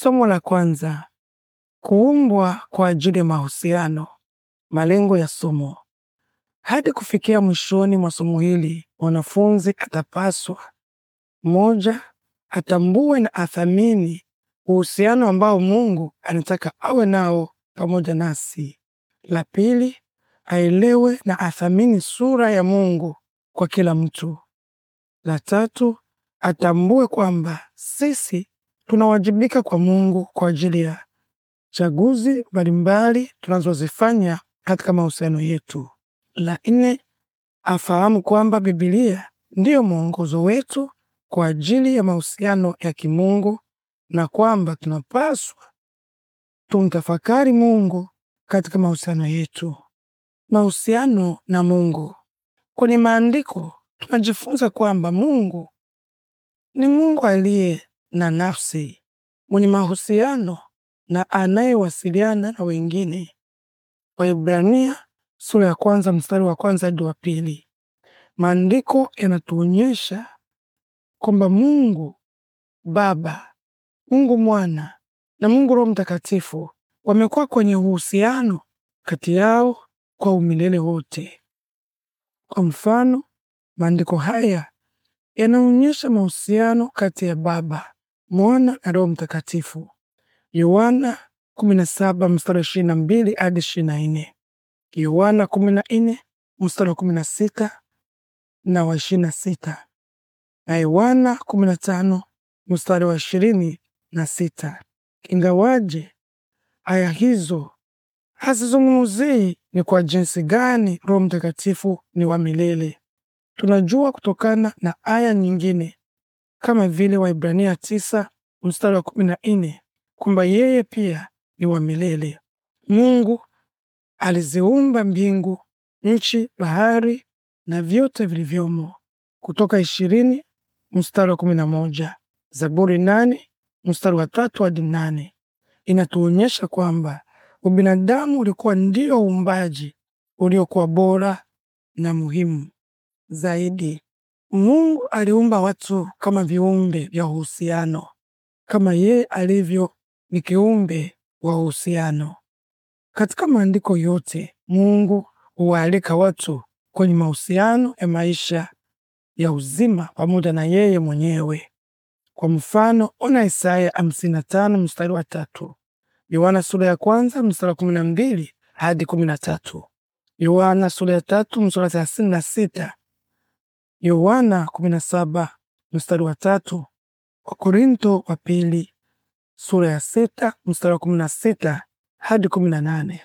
Somo la kwanza: kuumbwa kwa ajili ya mahusiano. Malengo ya somo: hadi kufikia mwishoni mwa somo hili, mwanafunzi atapaswa: moja, atambue na athamini uhusiano ambao Mungu anataka awe nao pamoja nasi. La pili, aelewe na athamini sura ya Mungu kwa kila mtu. La tatu, atambue kwamba sisi tunawajibika kwa Mungu kwa ajili ya chaguzi mbalimbali tunazozifanya katika mahusiano yetu. La nne, afahamu kwamba Biblia ndiyo mwongozo wetu kwa ajili ya mahusiano ya kimungu na kwamba tunapaswa tumtafakari Mungu katika mahusiano yetu. Mahusiano na Mungu. Kwenye maandiko tunajifunza kwamba Mungu ni Mungu aliye na nafsi, mwenye mahusiano na anayewasiliana na wengine. Waebrania sura ya kwanza mstari wa kwanza hadi wa pili. Maandiko yanatuonyesha kwamba Mungu Baba, Mungu Mwana na Mungu Roho Mtakatifu wamekuwa kwenye uhusiano kati yao kwa umilele wote. Kwa mfano, maandiko haya yanaonyesha mahusiano kati ya Baba Mwana na Roho Mtakatifu, Yohana 17 mstari 22 hadi 24, Yohana 14 mstari wa 16 na wa 26, na Yohana 15 mstari wa 26. Ingawaje aya hizo hazizungumzii ni kwa jinsi gani Roho Mtakatifu ni wa milele, tunajua kutokana na aya nyingine kama vile Waibrania tisa mstari wa kumi na nne kwamba yeye pia ni wa milele. Mungu aliziumba mbingu, nchi, bahari na vyote vilivyomo, Kutoka ishirini mstari wa kumi na moja. Zaburi nane mstari wa tatu hadi nane inatuonyesha kwamba ubinadamu ulikuwa ndio uumbaji uliokuwa bora na muhimu zaidi. Mungu aliumba watu kama viumbe vya uhusiano, kama yeye alivyo ni kiumbe wa uhusiano. Katika maandiko yote, Mungu huwaalika watu kwenye mahusiano ya maisha ya uzima pamoja na yeye mwenyewe. Kwa mfano, ona Isaya 55 mstari wa tatu, Yohana sura ya kwanza mstari wa mbili hadi tatu, Yohana sura ya tatu mstari wa sita Yohana 17 mstari wa tatu, Wakorintho wa pili sura ya sita mstari wa sita hadi nane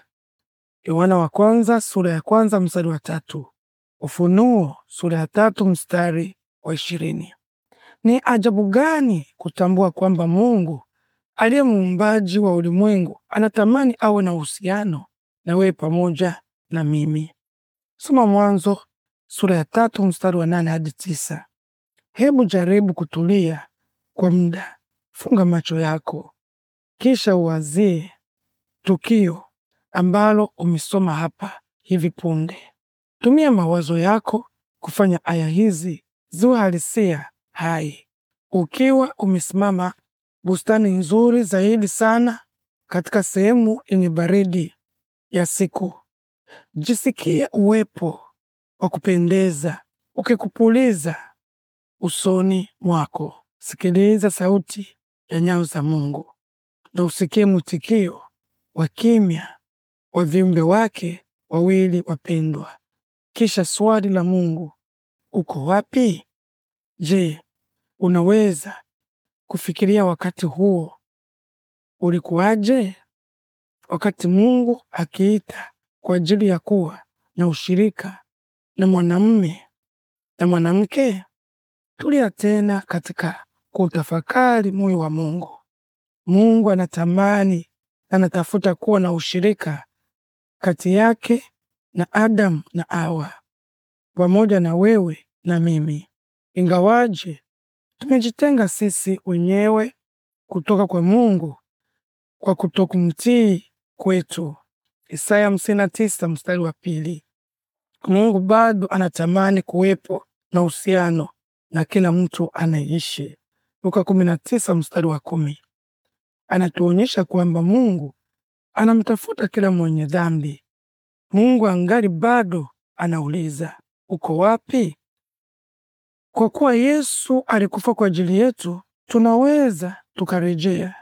Yohana wa kwanza sura ya kwanza mstari wa tatu, Ufunuo sura ya tatu mstari wa ishirini. Ni ajabu gani kutambua kwamba Mungu aliye muumbaji wa ulimwengu anatamani awe na uhusiano na wewe pamoja na mimi. Soma Mwanzo sura ya tatu mstari wa nane hadi tisa. Hebu jaribu kutulia kwa muda, funga macho yako, kisha uwazie tukio ambalo umesoma hapa hivi punde. Tumia mawazo yako kufanya aya hizi ziwe halisia hai, ukiwa umesimama bustani nzuri zaidi sana katika sehemu yenye baridi ya siku. Jisikie uwepo wa kupendeza ukikupuliza usoni mwako. Sikiliza sauti ya nyayo za Mungu na usikie mwitikio wa kimya wa viumbe wake wawili wapendwa. Kisha swali la Mungu, uko wapi? Je, unaweza kufikiria wakati huo ulikuwaje? Wakati Mungu akiita kwa ajili ya kuwa na ushirika na mwanamume na mwanamke? Tulia tena katika kutafakari moyo wa Mungu. Mungu anatamani, anatafuta kuwa na ushirika kati yake na Adamu na Hawa, pamoja na wewe na mimi, ingawaje tumejitenga sisi wenyewe kutoka kwa Mungu kwa kutokumtii kwetu. Isaya 59 mstari wa pili. Mungu bado anatamani kuwepo na uhusiano na kila mtu anayeishi. Luka 19 mstari wa kumi anatuonyesha kwamba Mungu anamtafuta kila mwenye dhambi. Mungu angali bado anauliza uko wapi? Kwa kuwa Yesu alikufa kwa ajili yetu, tunaweza tukarejea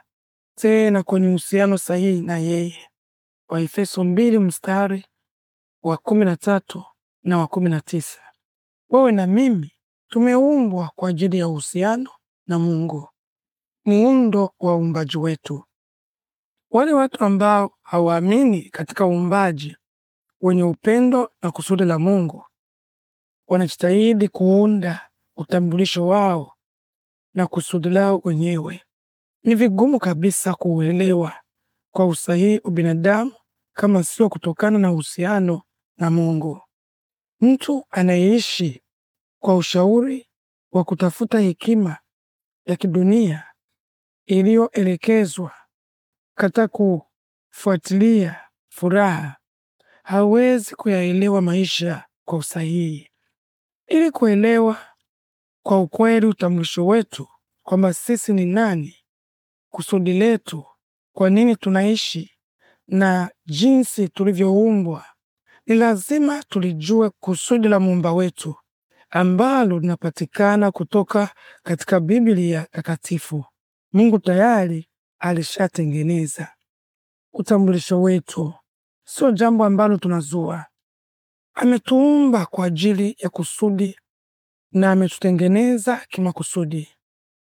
tena kwenye uhusiano sahihi na yeye. Waefeso mbili mstari wa kumi na tatu na wa kumi na tisa wewe na mimi tumeumbwa kwa ajili ya uhusiano na Mungu, muundo wa uumbaji wetu. Wale watu ambao hawaamini katika uumbaji wenye upendo na kusudi la Mungu wanajitahidi kuunda utambulisho wao na kusudi lao wenyewe. Ni vigumu kabisa kuuelewa kwa usahihi ubinadamu kama sio kutokana na uhusiano na Mungu. Mtu anayeishi kwa ushauri wa kutafuta hekima ya kidunia iliyoelekezwa katika kufuatilia furaha hawezi kuyaelewa maisha kwa usahihi. Ili kuelewa kwa ukweli utambulisho wetu kwamba sisi ni nani, kusudi letu, kwa nini tunaishi na jinsi tulivyoumbwa ni lazima tulijue kusudi la muumba wetu ambalo linapatikana kutoka katika Biblia takatifu. Mungu tayari alishatengeneza utambulisho wetu, sio jambo ambalo tunazua. Ametuumba kwa ajili ya kusudi na ametutengeneza kimakusudi.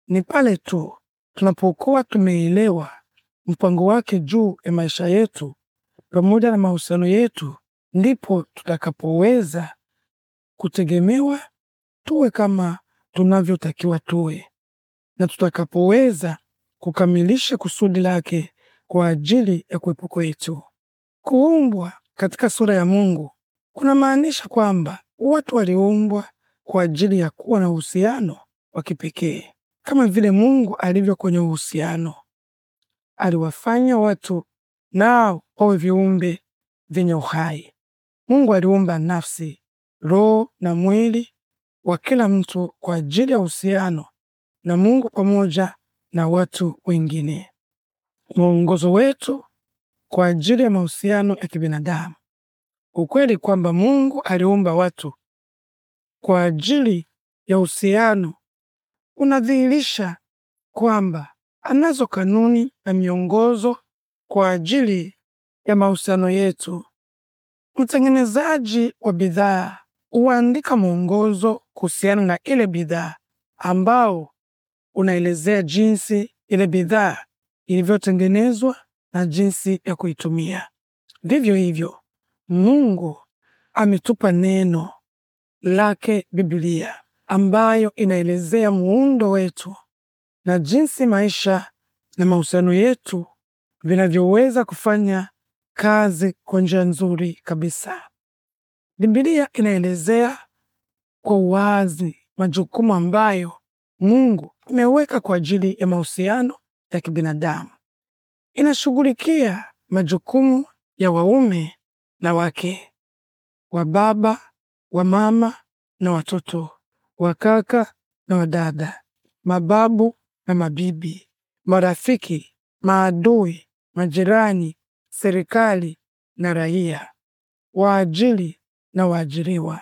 Ni pale tu tunapokuwa tumeelewa mpango wake juu ya maisha yetu pamoja na mahusiano yetu ndipo tutakapoweza kutegemewa tuwe kama tunavyotakiwa tuwe, na tutakapoweza kukamilisha kusudi lake kwa ajili ya kuwepo kwetu. Kuumbwa katika sura ya Mungu kunamaanisha kwamba watu waliumbwa kwa ajili ya kuwa na uhusiano wa kipekee kama vile Mungu alivyo kwenye uhusiano. Aliwafanya watu nao wawe viumbe vyenye uhai. Mungu aliumba nafsi, roho na mwili wa kila mtu kwa ajili ya uhusiano na Mungu pamoja na watu wengine. Mwongozo wetu kwa ajili ya mahusiano ya kibinadamu. Ukweli kwamba Mungu aliumba watu kwa ajili ya uhusiano unadhihirisha kwamba anazo kanuni na miongozo kwa ajili ya mahusiano yetu Mtengenezaji wa bidhaa huandika mwongozo kuhusiana na ile bidhaa ambao unaelezea jinsi ile bidhaa ilivyotengenezwa na jinsi ya kuitumia. Vivyo hivyo, Mungu ametupa neno lake Biblia, ambayo inaelezea muundo wetu na jinsi maisha na mahusiano yetu vinavyoweza kufanya kazi kwa njia nzuri kabisa. Biblia inaelezea kwa uwazi majukumu ambayo Mungu ameweka kwa ajili ya mahusiano ya kibinadamu. Inashughulikia majukumu ya waume na wake, wa baba, wa mama na watoto, wa kaka na wadada, mababu na mabibi, marafiki, maadui, majirani serikali na raia, waajili na waajiriwa.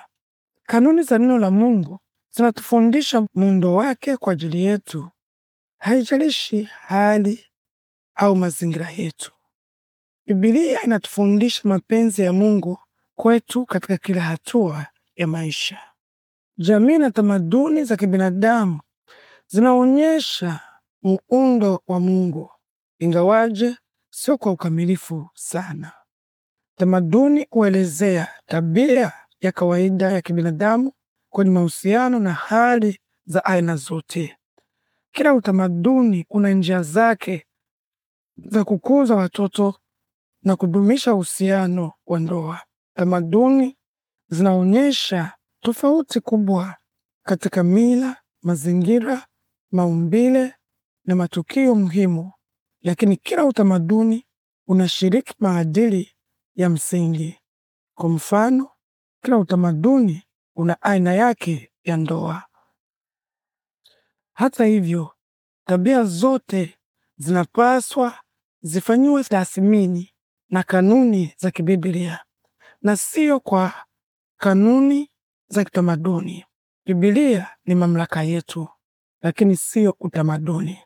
Kanuni za neno la Mungu zinatufundisha muundo wake kwa ajili yetu, haijalishi hali au mazingira yetu. Biblia inatufundisha mapenzi ya Mungu kwetu katika kila hatua ya maisha. Jamii na tamaduni za kibinadamu zinaonyesha muundo wa Mungu, ingawaje sio kwa ukamilifu sana. Tamaduni huelezea tabia ya kawaida ya kibinadamu kwenye mahusiano na hali za aina zote. Kila utamaduni una njia zake za kukuza watoto na kudumisha uhusiano wa ndoa. Tamaduni zinaonyesha tofauti kubwa katika mila, mazingira, maumbile na matukio muhimu lakini kila utamaduni unashiriki maadili ya msingi. Kwa mfano, kila utamaduni una aina yake ya ndoa. Hata hivyo, tabia zote zinapaswa zifanyiwe tathmini na kanuni za kibiblia na sio kwa kanuni za kitamaduni. Biblia ni mamlaka yetu, lakini siyo utamaduni.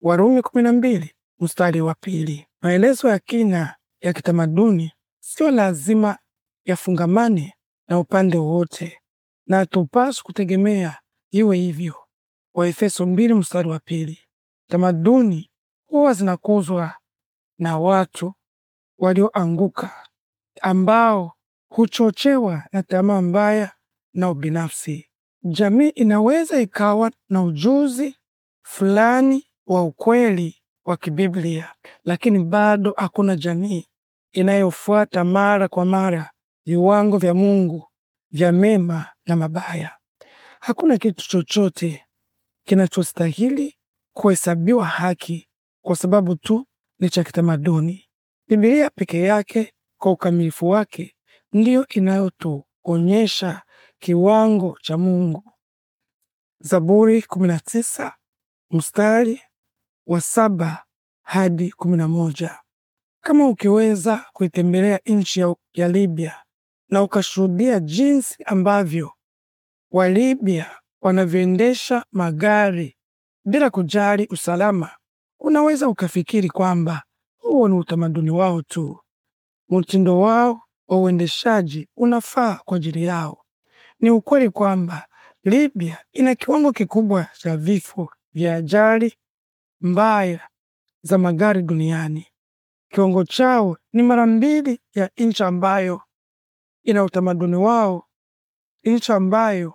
Warumi mbili mstari wa pili. Maelezo ya kina ya kitamaduni sio lazima yafungamane na upande wote, na tupaswe kutegemea iwe hivyo. Waefeso mbili mstari wa pili. Tamaduni huwa zinakuzwa na watu walioanguka ambao huchochewa na tamaa mbaya na ubinafsi. Jamii inaweza ikawa na ujuzi fulani wa ukweli wa kibiblia, lakini bado hakuna jamii inayofuata mara kwa mara viwango vya Mungu vya mema na mabaya. Hakuna kitu chochote kinachostahili kuhesabiwa haki kwa sababu tu ni cha kitamaduni. Biblia peke yake kwa ukamilifu wake ndiyo inayotuonyesha kiwango cha Mungu. Zaburi 19 mstari wa saba hadi kumi na moja. Kama ukiweza kuitembelea nchi ya, ya Libya na ukashuhudia jinsi ambavyo Walibya wanavyoendesha magari bila kujali usalama, unaweza ukafikiri kwamba huo ni utamaduni wao tu. Mtindo wao wa uendeshaji unafaa kwa ajili yao. Ni ukweli kwamba Libya ina kiwango kikubwa cha vifo vya ajali mbaya za magari duniani. Kiwango chao ni mara mbili ya nchi ambayo ina utamaduni wao, nchi ambayo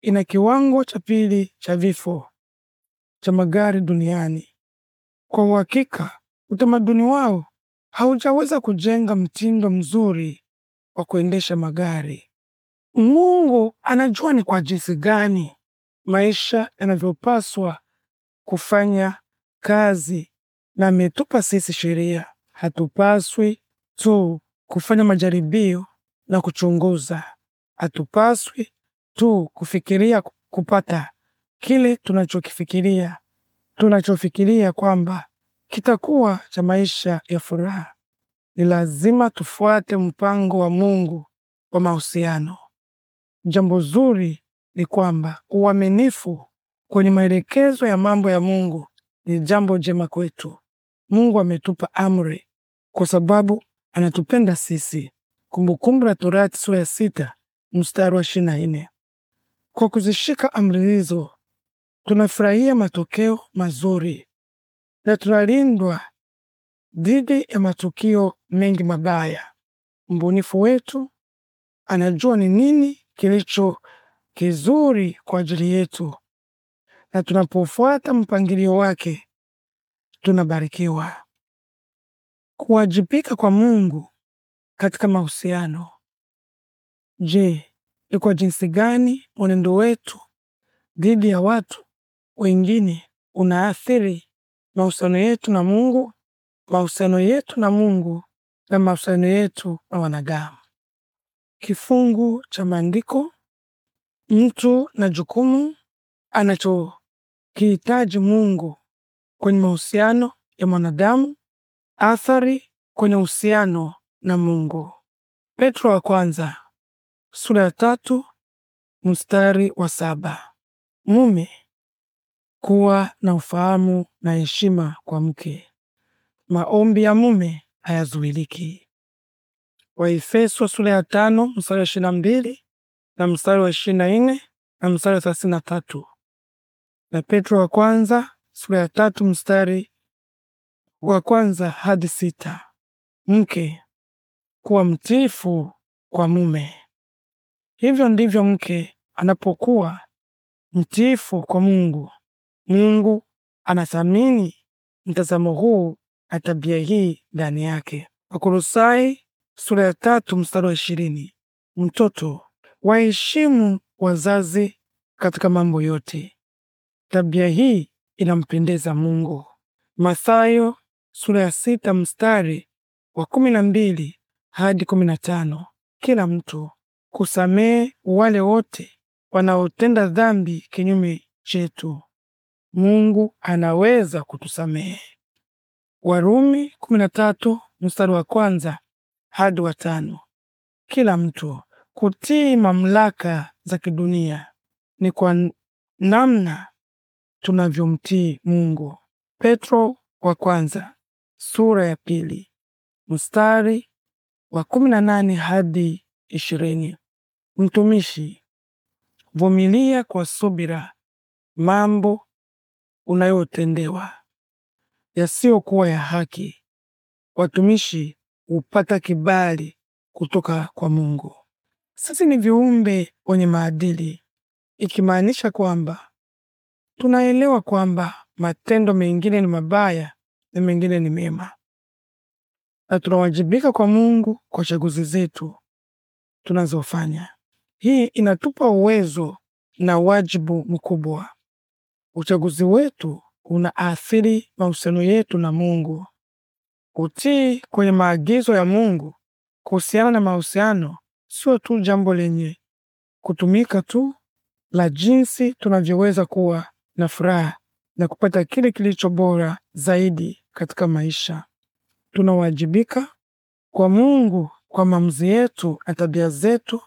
ina kiwango cha pili cha vifo cha magari duniani. Kwa uhakika, utamaduni wao haujaweza kujenga mtindo mzuri wa kuendesha magari. Mungu anajua ni kwa jinsi gani maisha yanavyopaswa kufanya kazi, na ametupa sisi sheria. Hatupaswi tu kufanya majaribio na kuchunguza, hatupaswi tu kufikiria kupata kile tunachokifikiria tunachofikiria kwamba kitakuwa cha maisha ya furaha. Ni lazima tufuate mpango wa Mungu wa mahusiano. Jambo zuri ni kwamba uaminifu kwenye maelekezo ya mambo ya Mungu ni jambo jema kwetu. Mungu ametupa amri kwa sababu anatupenda sisi. Kumbukumbu la Torati sura ya sita mstari wa ishirini na nne. Kwa kuzishika amri hizo tunafurahia matokeo mazuri na tunalindwa dhidi ya matukio mengi mabaya. Mbunifu wetu anajua ni nini kilicho kizuri kwa ajili yetu na tunapofuata mpangilio wake tunabarikiwa. Kuwajibika kwa Mungu katika mahusiano. Je, ni kwa jinsi gani mwenendo wetu dhidi ya watu wengine unaathiri mahusiano yetu na Mungu, mahusiano yetu na Mungu na mahusiano yetu na wanadamu? Kifungu cha maandiko: mtu na jukumu anacho kihitaji Mungu kwenye mahusiano ya mwanadamu, athari kwenye uhusiano na Mungu. Petro wa kwanza sura ya tatu mstari wa saba. Mume kuwa na ufahamu na heshima kwa mke. Maombi ya mume hayazuiliki. Waefeso sura ya tano mstari wa 22 na mbili na mstari wa 24 na nne na mstari wa thelathini na tatu na Petro wa kwanza sura ya tatu mstari wa kwanza hadi sita. Mke kuwa mtiifu kwa mume. Hivyo ndivyo mke anapokuwa mtiifu kwa Mungu, Mungu anathamini mtazamo huu na tabia hii ndani yake. Wakolosai sura ya tatu mstari wa ishirini. Mtoto waheshimu wazazi katika mambo yote, Tabia hii inampendeza Mungu. Mathayo sura ya sita mstari wa kumi na mbili hadi kumi na tano. Kila mtu kusamehe wale wote wanaotenda dhambi kinyume chetu. Mungu anaweza kutusamehe. Warumi 13 mstari wa kwanza hadi wa tano. Kila mtu kutii mamlaka za kidunia ni kwa namna tunavyomtii Mungu. Petro wa kwanza sura ya pili mstari wa 18 hadi ishirini. Mtumishi, vumilia kwa subira mambo unayotendewa yasiyokuwa ya haki. Watumishi hupata kibali kutoka kwa Mungu. Sisi ni viumbe wenye maadili, ikimaanisha kwamba tunaelewa kwamba matendo mengine ni mabaya na mengine ni mema, na tunawajibika kwa Mungu kwa chaguzi zetu tunazofanya. Hii inatupa uwezo na wajibu mkubwa. Uchaguzi wetu unaathiri mahusiano yetu na Mungu. Utii kwenye maagizo ya Mungu kuhusiana na mahusiano sio tu jambo lenye kutumika tu la jinsi tunavyoweza kuwa na furaha na kupata kile kilicho bora zaidi katika maisha. Tunawajibika kwa Mungu kwa maamuzi yetu na tabia zetu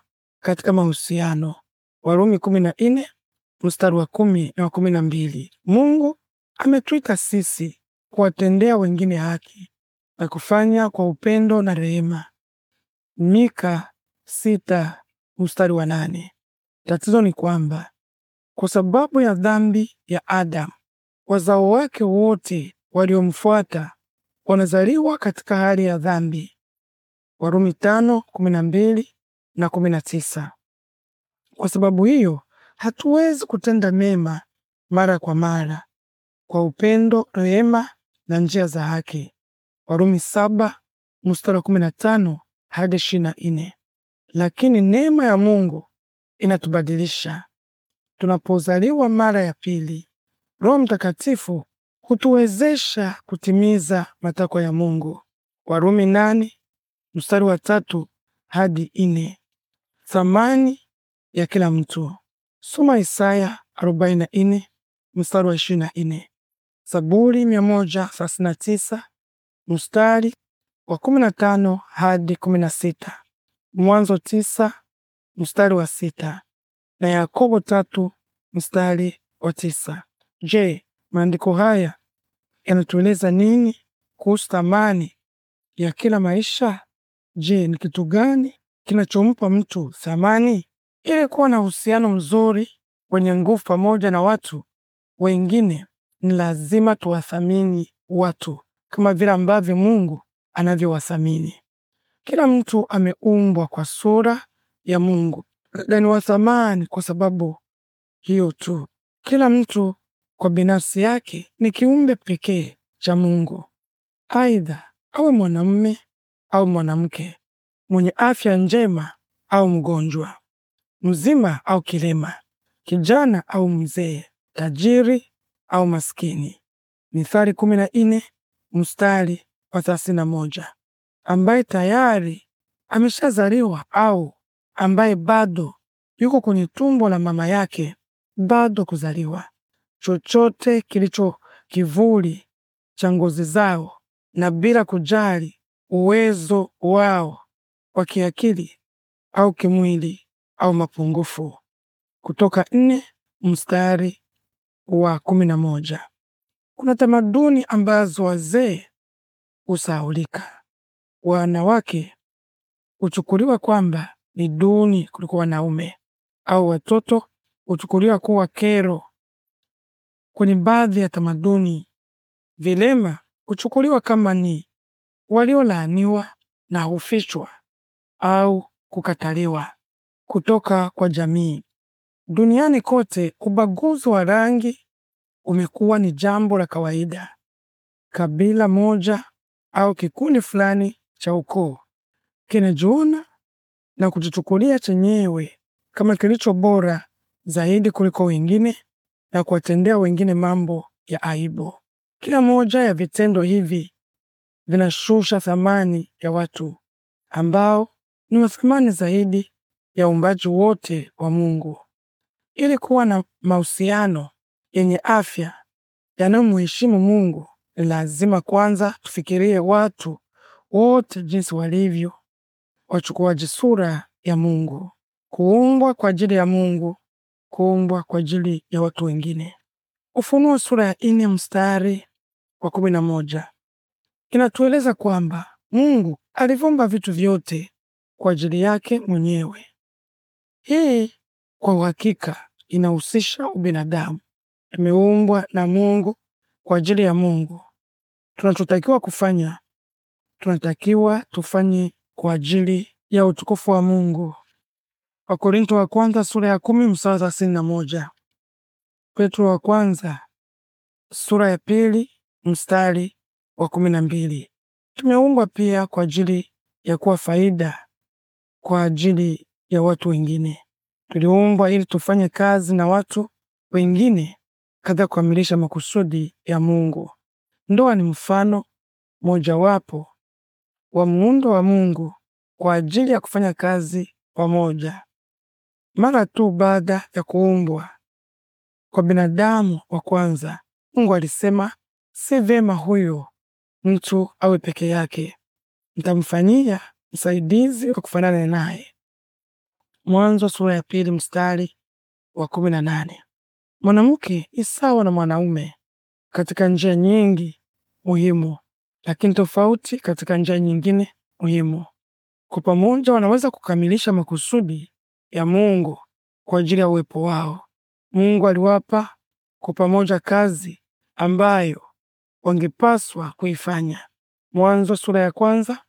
katika mahusiano. Warumi 14 mstari wa kumi na wa kumi na mbili. Mungu ametuita sisi kuwatendea wengine haki na kufanya kwa upendo na rehema. Mika sita mstari wa nane. Tatizo ni kwamba kwa sababu ya dhambi ya Adamu, wazao wake wote waliomfuata wanazaliwa katika hali ya dhambi. Warumi tano kumi na mbili na kumi na tisa. Kwa sababu hiyo hatuwezi kutenda mema mara kwa mara kwa upendo, rehema na njia za haki. Warumi saba mstari kumi na tano hadi ishirini na nne. Lakini neema ya Mungu inatubadilisha tunapozaliwa mara ya pili, Roho Mtakatifu hutuwezesha kutimiza matakwa ya Mungu. Warumi nane mstari wa tatu hadi nne. Thamani ya kila mtu. Soma Isaya 44 mstari wa 24, Saburi 139 mstari wa 15 hadi 16, Mwanzo 9 mstari wa sita na Yakobo tatu mstari wa tisa. Je, maandiko haya yanatueleza nini kuhusu thamani ya kila maisha? Je, ni kitu gani kinachompa mtu thamani? Ili kuwa na uhusiano mzuri wenye nguvu pamoja na watu wengine, ni lazima tuwathamini watu kama vile ambavyo Mungu anavyowathamini. Kila mtu ameumbwa kwa sura ya Mungu na ni wa thamani kwa sababu hiyo tu. Kila mtu kwa binafsi yake ni kiumbe pekee cha Mungu, aidha awe mwanamume au mwanamke, mwenye afya njema au mgonjwa, mzima au kilema, kijana au mzee, tajiri au maskini. Mithali kumi mstari wa moja ambaye tayari ameshazaliwa au ambaye bado yuko kwenye tumbo la mama yake bado kuzaliwa. Chochote kilicho kivuli cha ngozi zao, na bila kujali uwezo wao wa kiakili au kimwili au mapungufu. Kutoka nne mstari wa kumi na moja. Kuna tamaduni ambazo wazee husahaulika, wanawake huchukuliwa kwamba ni duni kuliko wanaume au watoto huchukuliwa kuwa kero. Kwenye baadhi ya tamaduni, vilema huchukuliwa kama ni waliolaaniwa na hufichwa au kukataliwa kutoka kwa jamii. Duniani kote, ubaguzi wa rangi umekuwa ni jambo la kawaida. Kabila moja au kikundi fulani cha ukoo kinajiona na kujichukulia chenyewe kama kilicho bora zaidi kuliko wengine na kuwatendea wengine mambo ya aibu. Kila moja ya vitendo hivi vinashusha thamani ya watu ambao ni wa thamani zaidi ya uumbaji wote wa Mungu. Ili kuwa na mahusiano yenye afya yanayomheshimu Mungu, ni lazima kwanza tufikirie watu wote jinsi walivyo wachukuaji sura ya Mungu, kuumbwa kwa ajili ya Mungu, kuumbwa kwa ajili ya watu wengine. Ufunuo sura ya nne mstari wa kumi na moja inatueleza kwamba Mungu aliviumba vitu vyote kwa ajili yake mwenyewe. Hii kwa uhakika inahusisha ubinadamu. Imeumbwa na Mungu kwa ajili ya Mungu. Tunachotakiwa kufanya, tunatakiwa tufanye kwa ajili ya utukufu wa Mungu. Wakorinto wa kwanza sura ya kumi mstari thelathini na moja. Petro wa kwanza sura ya pili mstari wa kumi na mbili. Tumeumbwa pia kwa ajili ya kuwa faida kwa ajili ya watu wengine. Tuliumbwa ili tufanye kazi na watu wengine katika kukamilisha makusudi ya Mungu. Ndoa ni mfano mojawapo wa muundo wa Mungu kwa ajili ya kufanya kazi pamoja. Mara tu baada ya kuumbwa kwa binadamu wa kwanza, Mungu alisema, si vema huyo mtu awe peke yake, nitamfanyia msaidizi wa kufanana naye. Mwanzo sura ya pili mstari wa kumi na nane. Mwanamke isawa na mwanaume katika njia nyingi muhimu lakini tofauti katika njia nyingine muhimu. Kwa pamoja wanaweza kukamilisha makusudi ya Mungu kwa ajili ya uwepo wao. Mungu aliwapa kwa pamoja kazi ambayo wangepaswa kuifanya. Mwanzo sura ya kwanza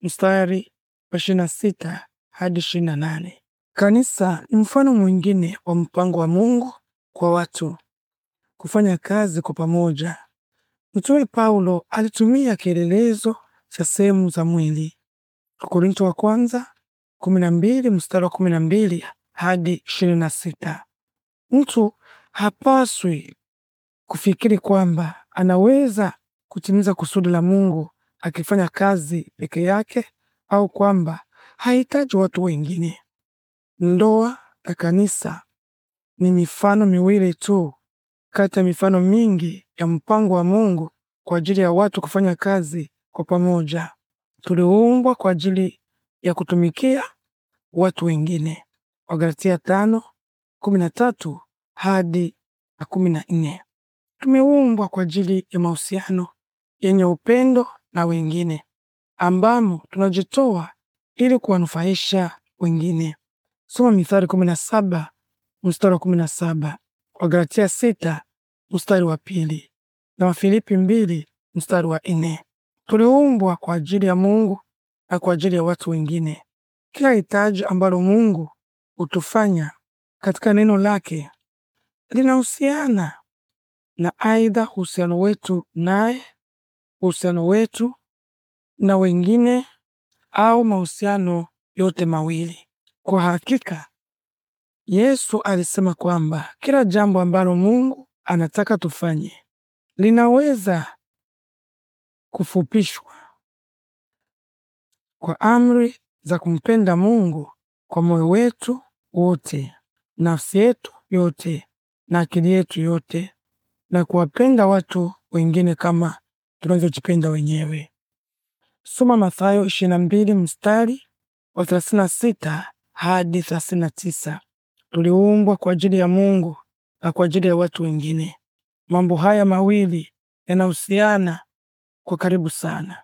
mstari wa 26 hadi 28. Kanisa ni mfano mwingine wa mpango wa Mungu kwa watu kufanya kazi kwa pamoja. Mtume Paulo alitumia kielelezo cha sehemu za mwili. Wakorintho wa kwanza 12 mstari wa 12 hadi 26. Mtu hapaswi kufikiri kwamba anaweza kutimiza kusudi la Mungu akifanya kazi peke yake au kwamba hahitaji watu wengine. Ndoa na kanisa ni mifano miwili tu kati ya mifano mingi ya mpango wa Mungu kwa ajili ya watu kufanya kazi kwa pamoja. Tuliumbwa kwa ajili ya kutumikia watu wengine. Wagalatia tano kumi tatu hadi na kumi Tumeumbwa kwa ajili ya mahusiano yenye upendo na wengine ambamo tunajitoa ili kuwanufaisha wengine. Soma Mithali 17 mstari wa 17. Wagalatia sita mstari wa pili na Wafilipi mbili mstari wa nne. Tuliumbwa kwa ajili ya Mungu na kwa ajili ya watu wengine. Kila hitaji ambalo Mungu hutufanya katika neno lake linahusiana na aidha uhusiano wetu naye, uhusiano wetu na wengine, au mahusiano yote mawili. Kwa hakika Yesu alisema kwamba kila jambo ambalo Mungu anataka tufanye linaweza kufupishwa kwa amri za kumpenda Mungu kwa moyo wetu wote, nafsi yetu yote na akili yetu yote, na kuwapenda watu wengine kama tunavyojipenda wenyewe. Soma Mathayo 22 mstari wa 36 hadi 39. Tuliumbwa kwa ajili ya Mungu na kwa ajili ya watu wengine. Mambo haya mawili yanahusiana kwa karibu sana.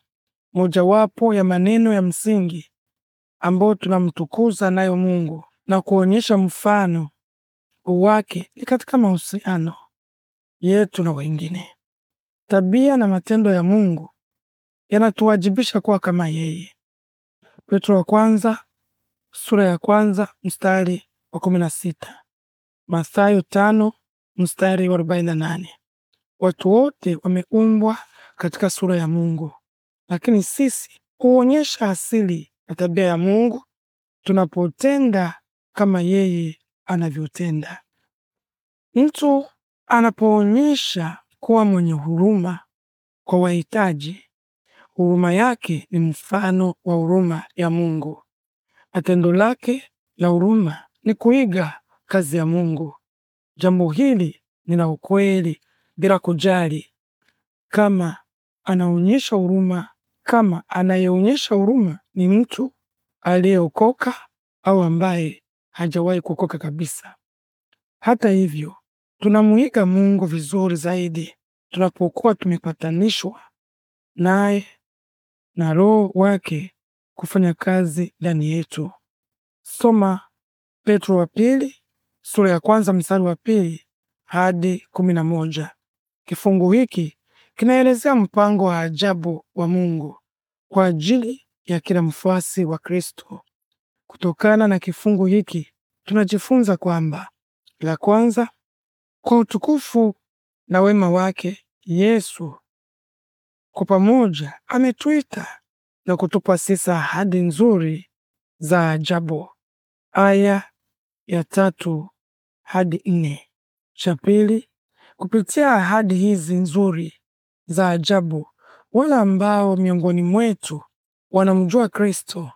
Mojawapo ya maneno ya msingi ambayo tunamtukuza nayo Mungu na kuonyesha mfano wake ni katika mahusiano yetu na wengine. Tabia na matendo ya Mungu yanatuwajibisha kuwa kama yeye. Petro wa kwanza sura ya kwanza mstari wa kumi na sita Mathayo tano mstari wa arobaini na nane Watu wote wameumbwa katika sura ya Mungu, lakini sisi huonyesha asili na tabia ya Mungu tunapotenda kama yeye anavyotenda. Mtu anapoonyesha kuwa mwenye huruma kwa wahitaji, huruma yake ni mfano wa huruma ya Mungu, na tendo lake la huruma ni kuiga kazi ya Mungu. Jambo hili ni la ukweli bila kujali kama anaonyesha huruma, kama anayeonyesha huruma ni mtu aliyeokoka au ambaye hajawahi kuokoka kabisa. Hata hivyo, tunamuiga Mungu vizuri zaidi tunapokuwa tumepatanishwa naye na Roho wake kufanya kazi ndani yetu. Soma Petro wa pili sura ya kwanza mstari wa pili hadi kumi na moja. Kifungu hiki kinaelezea mpango wa ajabu wa Mungu kwa ajili ya kila mfuasi wa Kristo. Kutokana na kifungu hiki tunajifunza kwamba, la kwanza, kwa utukufu na wema wake Yesu kwa pamoja ametuita na kutupa sisi ahadi nzuri za ajabu aya ya tatu hadi nne. Cha pili, kupitia ahadi hizi nzuri za ajabu, wale ambao miongoni mwetu wanamjua Kristo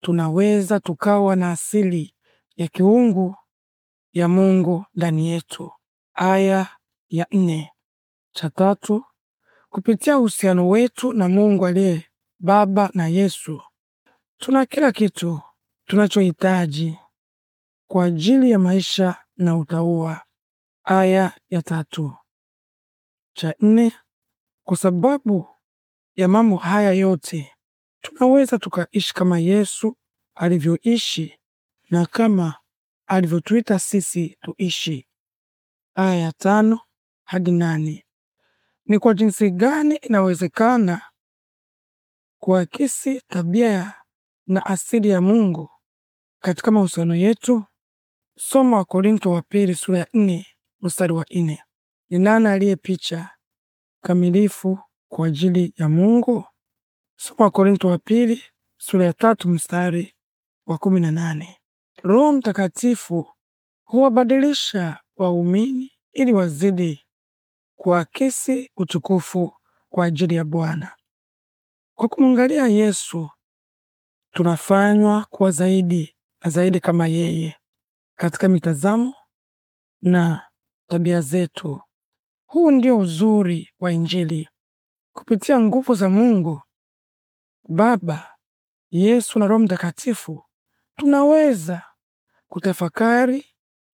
tunaweza tukawa na asili ya kiungu ya Mungu ndani yetu. Aya ya nne. Cha tatu, kupitia uhusiano wetu na Mungu aliye Baba na Yesu tuna kila kitu tunachohitaji kwa ajili ya maisha na utauwa. Aya ya tatu. Cha nne, kwa sababu ya mambo haya yote tunaweza tukaishi kama Yesu alivyoishi na kama alivyotuita sisi tuishi. Aya ya tano hadi nane. Ni kwa jinsi gani inawezekana kuakisi tabia na asili ya Mungu katika mahusiano yetu. Soma Korinto wa pili sura ya nne mstari wa nne. Ni nani picha kamilifu kwa ajili ya Mungu? Soma Korinto wa pili sura ya tatu mstari wa kumi na nane. Roho Mtakatifu huwabadilisha waumini ili wazidi kuakisi utukufu kwa ajili ya Bwana. Kwa kumwangalia Yesu tunafanywa kuwa zaidi zaidi kama yeye katika mitazamo na tabia zetu. Huu ndio uzuri wa Injili. Kupitia nguvu za Mungu Baba, Yesu na Roho Mtakatifu, tunaweza kutafakari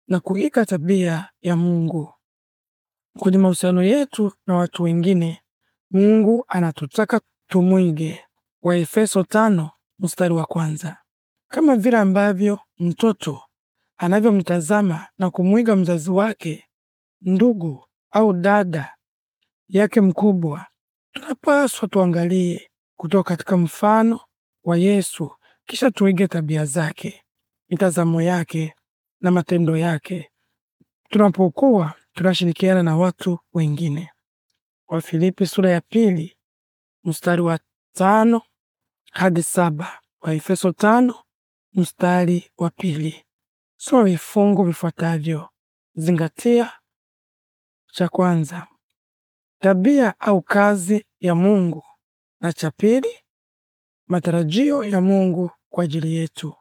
na kuiga tabia ya Mungu kwenye mahusiano yetu na watu wengine. Mungu anatutaka tumwige. Waefeso tano mstari wa kwanza. Kama vile ambavyo mtoto anavyomtazama na kumwiga mzazi wake, ndugu au dada yake mkubwa, tunapaswa tuangalie kutoka katika mfano wa Yesu, kisha tuige tabia zake, mitazamo yake na matendo yake tunapokuwa tunashirikiana na watu wengine. Wafilipi sura ya pili mstari wa tano hadi saba Waefeso tano mstari wa pili. Soma vifungu vifuatavyo, zingatia. Cha kwanza, tabia au kazi ya Mungu, na cha pili, matarajio ya Mungu kwa ajili yetu.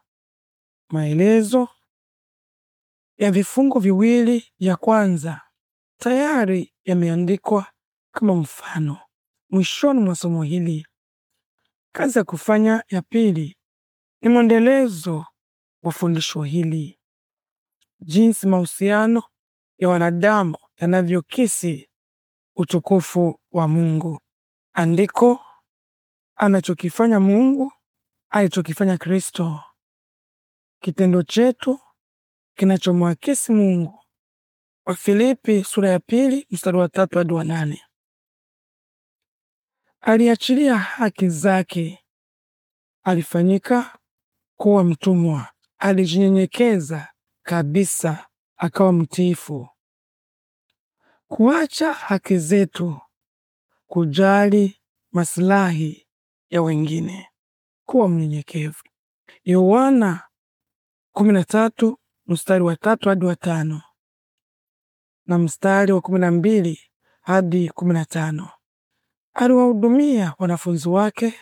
Maelezo ya vifungu viwili ya kwanza tayari yameandikwa kama mfano mwishoni mwa somo hili. Kazi ya kufanya ya pili ni mwendelezo wa fundisho hili, jinsi mahusiano ya wanadamu yanavyokisi utukufu wa Mungu, andiko anachokifanya Mungu, alichokifanya Kristo, kitendo chetu kinachomwakisi Mungu. Wafilipi sura ya pili mstari wa tatu hadi wa nane. Aliachilia haki zake, alifanyika kuwa mtumwa, alijinyenyekeza kabisa akawa mtiifu. Kuacha haki zetu, kujali maslahi ya wengine, kuwa mnyenyekevu. Yohana 13 mstari wa tatu hadi wa tano na mstari wa kumi na mbili hadi kumi na tano. Aliwahudumia wanafunzi wake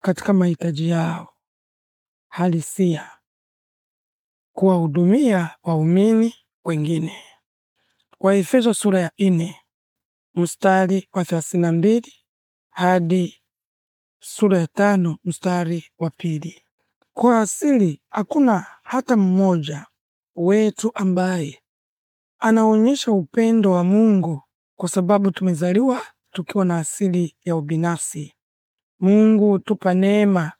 katika mahitaji yao halisia kuwahudumia waumini wengine. Waefeso sura ya nne mstari wa thelathini na mbili hadi sura ya tano mstari wa pili. Kwa asili hakuna hata mmoja wetu ambaye anaonyesha upendo wa Mungu kwa sababu tumezaliwa tukiwa na asili ya ubinafsi. Mungu tupa neema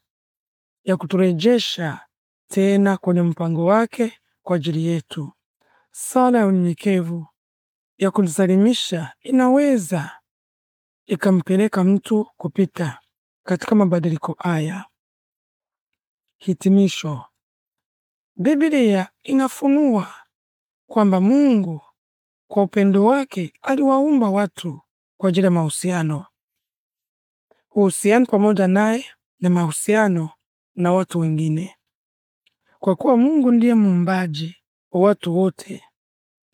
ya kuturejesha tena kwenye mpango wake kwa ajili yetu. Sala ya unyenyekevu ya kujisalimisha inaweza ikampeleka mtu kupita katika mabadiliko haya. Hitimisho. Biblia inafunua kwamba Mungu kwa upendo wake aliwaumba watu kwa ajili ya mahusiano, uhusiano pamoja naye na mahusiano na watu wengine, kwa kuwa Mungu ndiye muumbaji wa watu wote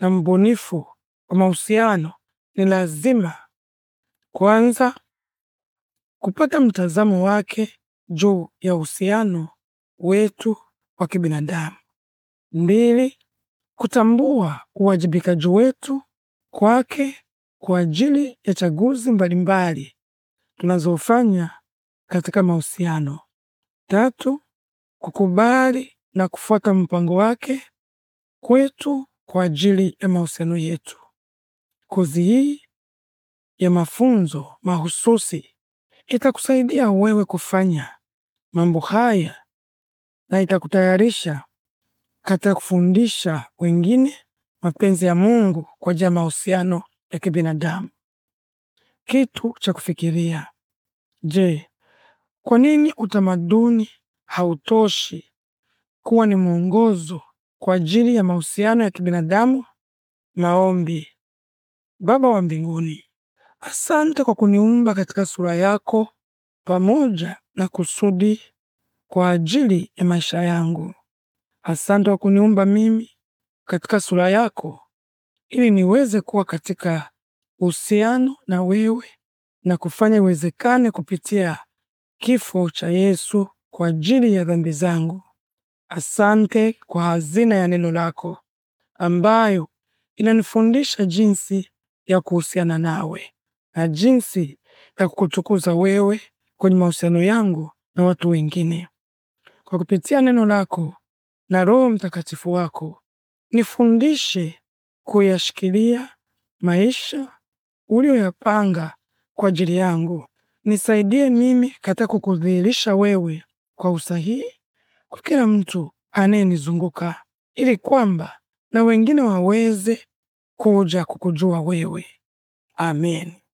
na mbunifu wa mahusiano. Ni lazima kwanza kupata mtazamo wake juu ya uhusiano wetu wa kibinadamu. Mbili, kutambua uwajibikaji wetu kwake kwa ajili ya chaguzi mbalimbali tunazofanya katika mahusiano. Tatu, kukubali na kufuata mpango wake kwetu kwa ajili ya mahusiano yetu. Kozi hii ya mafunzo mahususi itakusaidia wewe kufanya mambo haya na itakutayarisha katika kufundisha wengine mapenzi ya Mungu kwa ajili ya mahusiano ya kibinadamu. Kitu cha kufikiria: Je, kwa nini utamaduni hautoshi kuwa ni mwongozo kwa ajili ya mahusiano ya kibinadamu? Maombi. Baba wa mbinguni, asante kwa kuniumba katika sura yako pamoja na kusudi kwa ajili ya maisha yangu. Asante kwa kuniumba mimi katika sura yako ili niweze kuwa katika uhusiano na wewe na kufanya iwezekane kupitia kifo cha Yesu kwa ajili ya dhambi zangu. Asante kwa hazina ya neno lako ambayo inanifundisha jinsi ya kuhusiana nawe na jinsi ya kukutukuza wewe kwenye mahusiano yangu na watu wengine. Kwa kupitia neno lako na Roho Mtakatifu wako, nifundishe kuyashikilia maisha uliyoyapanga kwa ajili yangu nisaidie mimi katika kukudhihirisha wewe kwa usahihi kwa kila mtu anayenizunguka ili kwamba na wengine waweze kuja kukujua wewe. Amen.